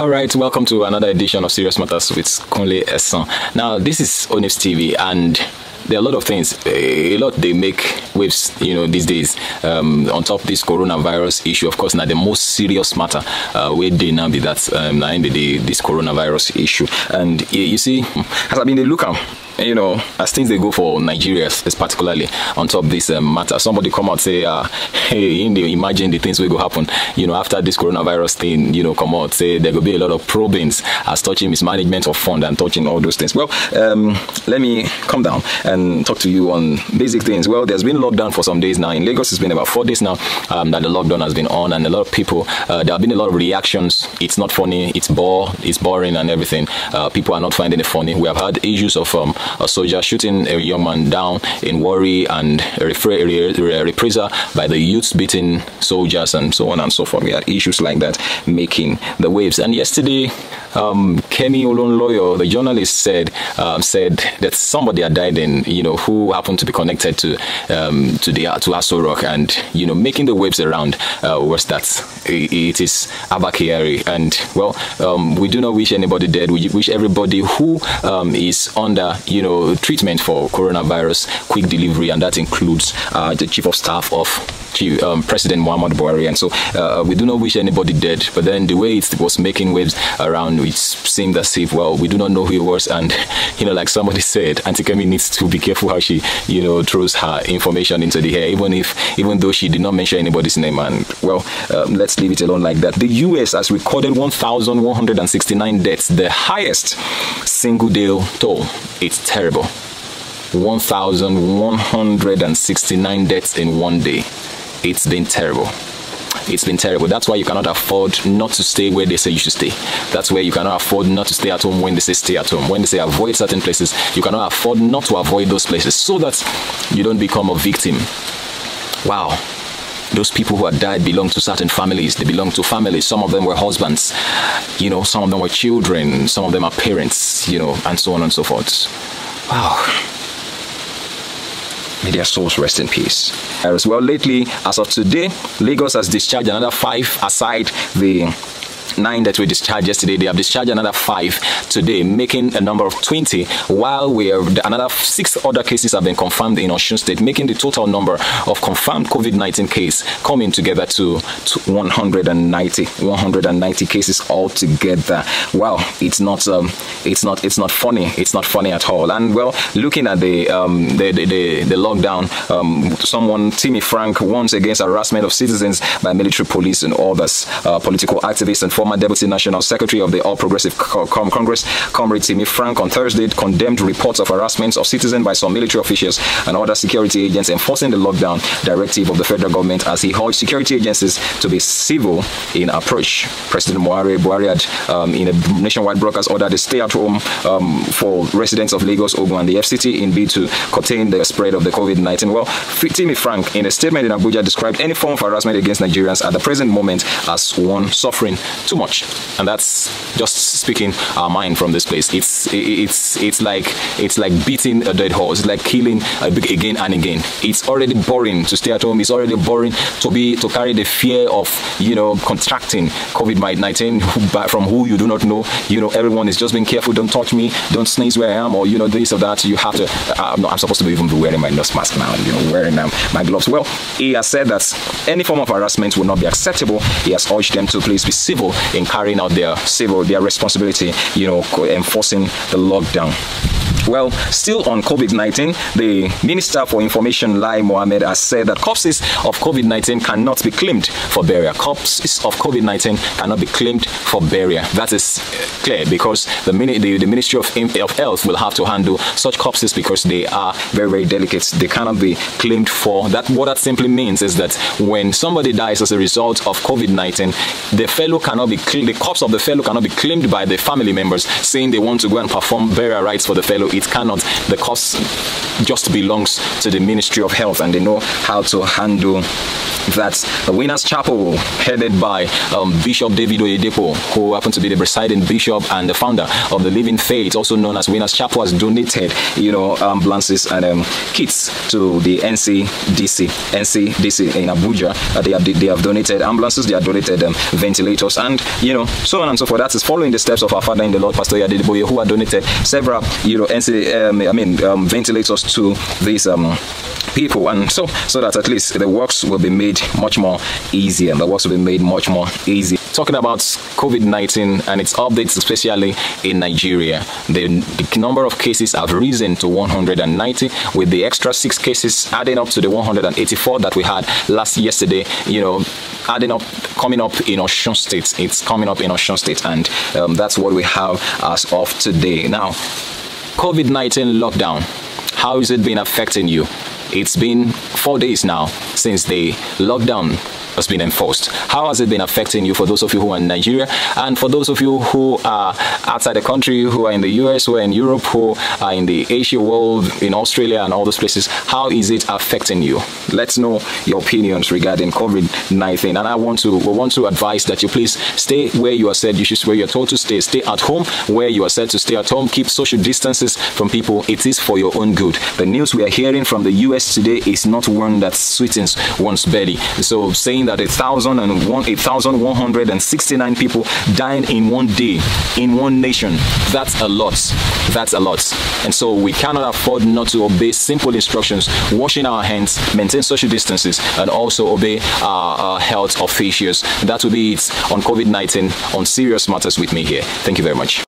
All right, welcome to another edition of Serious Matters with Kunle Esson. Now, this is Onyx TV, and there are a lot of things, a lot they make waves you know these days um, on top of this coronavirus issue of course now the most serious matter uh, where they now be that um, now in the day this coronavirus issue and you, you see as I've been the lookout you know, as things they go for Nigeria, particularly on top of this um, matter, somebody come out say, uh, hey, in the, imagine the things will go happen, you know, after this coronavirus thing, you know, come out, say there will be a lot of probings as touching mismanagement of fund and touching all those things. Well, um, let me come down and talk to you on basic things. Well, there's been lockdown for some days now. In Lagos, it's been about four days now um, that the lockdown has been on, and a lot of people, uh, there have been a lot of reactions. It's not funny, it's bore, it's boring, and everything. Uh, people are not finding it funny. We have had issues of um, a soldier shooting a young man down in worry and a re reprisal by the youths beating soldiers and so on and so forth. We had issues like that making the waves. And yesterday, um, Kenny Olonloyo, the journalist, said um, said that somebody had died in, you know, who happened to be connected to um, um, to the to Aso Rock and you know making the waves around uh, was that it is Abakari and well um, we do not wish anybody dead we wish everybody who um, is under you know treatment for coronavirus quick delivery and that includes uh, the chief of staff of Chief, um, President Muhammad Buhari. And so uh, we do not wish anybody dead, but then the way it was making waves around, it seemed as if, well, we do not know who he was. And, you know, like somebody said, Auntie Kemi needs to be careful how she, you know, throws her information into the air, even if, even though she did not mention anybody's name. And, well, um, let's leave it alone like that. The U.S. has recorded 1,169 deaths, the highest single day toll. It's terrible. 1,169 deaths in one day it's been terrible it's been terrible. That's why you cannot afford not to stay where they say you should stay. That's where you cannot afford not to stay at home when they say stay at home. When they say avoid certain places, you cannot afford not to avoid those places so that you don't become a victim. Wow. Those people who had died belonged to certain families. They belonged to families. Some of them were husbands, you know, some of them were children, some of them are parents, you know, and so on and so forth. Wow. May their souls rest in peace. as well lately as of today lagos has discharged another five aside the nine that we discharged yesterday. They have discharged another five today, making a number of 20, while we have another six other cases have been confirmed in Oshun State, making the total number of confirmed COVID 19 cases coming together to, 190, 190 cases altogether. Wow, it's not, um, it's not, it's not funny. It's not funny at all. And well, looking at the, um, the, the, the, the, lockdown, um, someone, Timmy Frank, warns against harassment of citizens by military police and others, uh, political activists and former former Deputy National Secretary of the All Progressive Congress, Comrade Timmy Frank, on Thursday condemned reports of harassment of citizens by some military officials and other security agents enforcing the lockdown directive of the federal government as he urged security agencies to be civil in approach. President Muhare Buhari had, um, in a nationwide broadcast, ordered a stay-at-home um, for residents of Lagos, Ogun, and the FCT in bid to contain the spread of the COVID-19. Well, Timmy Frank, in a statement in Abuja, described any form of harassment against Nigerians at the present moment as one suffering too much and that's just speaking our mind from this place it's it's it's like it's like beating a dead horse it's like killing uh, again and again it's already boring to stay at home it's already boring to be to carry the fear of you know contracting covid-19 from who you do not know you know everyone is just being careful don't touch me don't sneeze where i am or you know this or that you have to uh, i'm, not, I'm supposed to be even be wearing my nose mask now you know wearing them um, my gloves well he has said that any form of harassment will not be acceptable he has urged them to please be civil in carrying out their civil, their responsibility, you know, enforcing the lockdown. Well, still on COVID 19, the Minister for Information, Lai Mohammed, has said that corpses of COVID 19 cannot be claimed for burial. Corpses of COVID 19 cannot be claimed for burial. That is uh, clear because the, the, the Ministry of, of Health will have to handle such corpses because they are very, very delicate. They cannot be claimed for. That What that simply means is that when somebody dies as a result of COVID 19, the fellow cannot be the corpse of the fellow cannot be claimed by the family members saying they want to go and perform burial rites for the fellow it cannot the cost just belongs to the ministry of health and they know how to handle that the Winners Chapel, headed by um, Bishop David Oyedepo, who happened to be the presiding bishop and the founder of the Living Faith, also known as Winners Chapel, has donated, you know, ambulances and um, kits to the NCDC, NCDC in Abuja. Uh, they, have, they have donated ambulances, they have donated um, ventilators, and you know, so on and so forth. That is following the steps of our father in the Lord, Pastor Yadideboye, who had donated several, you know, um, I mean, um, ventilators to these um, people, and so so that at least the works will be made much more easier. The works will be made much more easy. Talking about COVID-19 and its updates, especially in Nigeria, the, the number of cases have risen to 190, with the extra six cases adding up to the 184 that we had last yesterday. You know, adding up, coming up in Oshun State. It's coming up in Oshun State, and um, that's what we have as of today. Now, COVID-19 lockdown, how has it been affecting you? It's been four days now since the lockdown has been enforced. How has it been affecting you for those of you who are in Nigeria and for those of you who are outside the country, who are in the US, who are in Europe, who are in the Asia world, in Australia and all those places? How is it affecting you? Let's know your opinions regarding COVID 19. And I want to we want to advise that you please stay where you are said you should where you're told to stay. Stay at home where you are said to stay at home. Keep social distances from people. It is for your own good. The news we are hearing from the US today is not one that sweetens one's belly. So saying that 8,169 people died in one day, in one nation. That's a lot. That's a lot. And so we cannot afford not to obey simple instructions, washing our hands, maintain social distances, and also obey our, our health officials. That will be it on COVID-19 on Serious Matters with me here. Thank you very much.